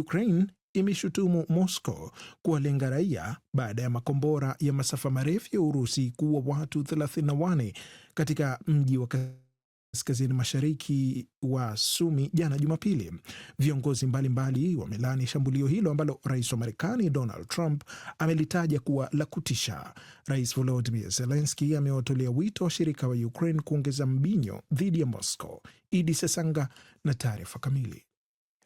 Ukraine imeshutumu Moscow kuwalenga raia baada ya makombora ya masafa marefu ya Urusi kuua watu 34 katika mji wa kaskazini mashariki wa Sumi jana Jumapili. Viongozi mbalimbali wamelaani shambulio hilo ambalo rais wa Marekani Donald Trump amelitaja kuwa la kutisha. Rais volodimir zelenski amewatolea wito washirika wa Ukraine kuongeza mbinyo dhidi ya Moscow. Idi Sesanga na taarifa kamili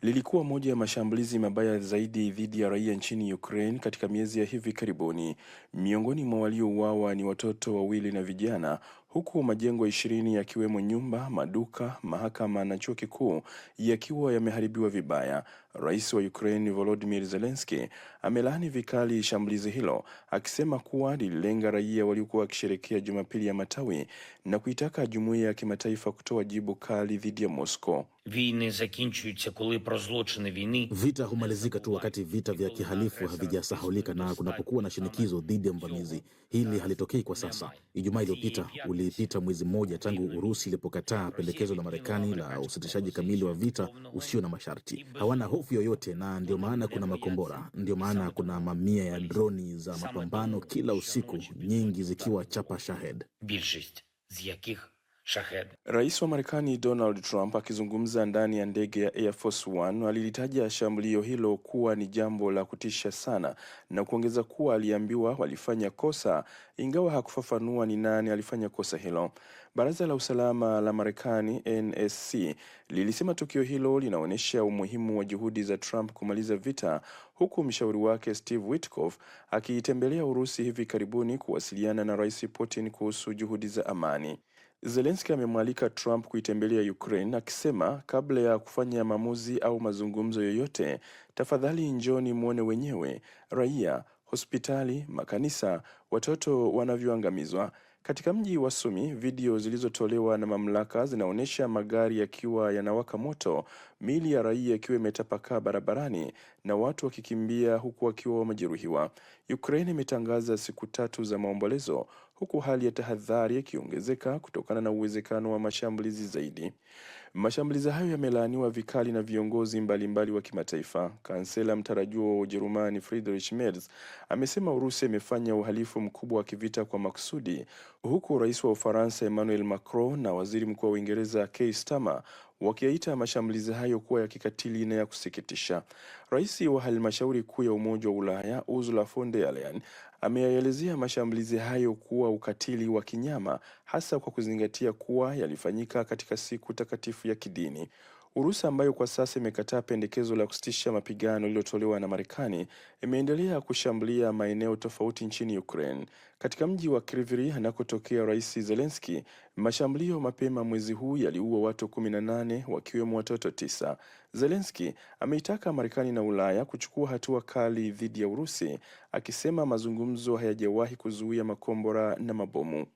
lilikuwa moja ya mashambulizi mabaya zaidi dhidi ya raia nchini Ukraine katika miezi ya hivi karibuni. Miongoni mwa waliouawa ni watoto wawili na vijana, huku majengo ishirini yakiwemo nyumba, maduka, mahakama na chuo kikuu yakiwa yameharibiwa vibaya. Rais wa Ukraine Volodymyr Zelensky amelaani vikali shambulizi hilo akisema kuwa lililenga raia waliokuwa wakisherekea Jumapili ya Matawi na kuitaka jumuiya ya kimataifa kutoa jibu kali dhidi ya Moscow. Vita humalizika tu wakati vita vya kihalifu havijasahulika na kunapokuwa na shinikizo dhidi ya mvamizi. Hili halitokei kwa sasa. Ijumaa iliyopita ulipita mwezi mmoja tangu Urusi ilipokataa pendekezo la Marekani la usitishaji kamili wa vita usio na masharti. Hawana hofu yoyote, na ndio maana kuna makombora, ndio maana kuna mamia ya droni za mapambano kila usiku, nyingi zikiwa chapa Shahed. Shahed. Rais wa Marekani Donald Trump akizungumza ndani ya ndege ya Air Force One alilitaja shambulio hilo kuwa ni jambo la kutisha sana na kuongeza kuwa aliambiwa walifanya kosa, ingawa hakufafanua ni nani alifanya kosa hilo. Baraza la Usalama la Marekani NSC lilisema tukio hilo linaonyesha umuhimu wa juhudi za Trump kumaliza vita, huku mshauri wake Steve Witkoff akiitembelea Urusi hivi karibuni kuwasiliana na Rais Putin kuhusu juhudi za amani. Zelensky amemwalika Trump kuitembelea Ukraine akisema, kabla ya kufanya maamuzi au mazungumzo yoyote, tafadhali njoni mwone wenyewe raia, hospitali, makanisa, watoto wanavyoangamizwa. Katika mji wa Sumi, video zilizotolewa na mamlaka zinaonyesha magari yakiwa yanawaka moto, miili ya raia ikiwa imetapakaa barabarani na watu wakikimbia huku wakiwa wamejeruhiwa. Ukraine imetangaza siku tatu za maombolezo huku hali ya tahadhari ikiongezeka kutokana na uwezekano wa mashambulizi zaidi. Mashambulizi hayo yamelaaniwa vikali na viongozi mbalimbali mbali wa kimataifa. Kansela mtarajiwa wa Ujerumani Friedrich Merz amesema Urusi imefanya uhalifu mkubwa wa kivita kwa makusudi, huku rais wa Ufaransa Emmanuel Macron na waziri mkuu wa Uingereza Keir Starmer wakiyaita mashambulizi hayo kuwa ya kikatili na ya kusikitisha. Rais wa halmashauri kuu ya Umoja wa Ulaya Ursula von der Leyen ameyaelezea mashambulizi hayo kuwa ukatili wa kinyama, hasa kwa kuzingatia kuwa yalifanyika katika siku takatifu ya kidini. Urusi ambayo kwa sasa imekataa pendekezo la kusitisha mapigano lililotolewa na Marekani imeendelea kushambulia maeneo tofauti nchini Ukraine. Katika mji wa Kryvyi Rih anakotokea Rais Zelensky, mashambulio mapema mwezi huu yaliua watu kumi na nane wakiwemo watoto tisa. Zelensky ameitaka Marekani na Ulaya kuchukua hatua kali dhidi ya Urusi, akisema mazungumzo hayajawahi kuzuia makombora na mabomu.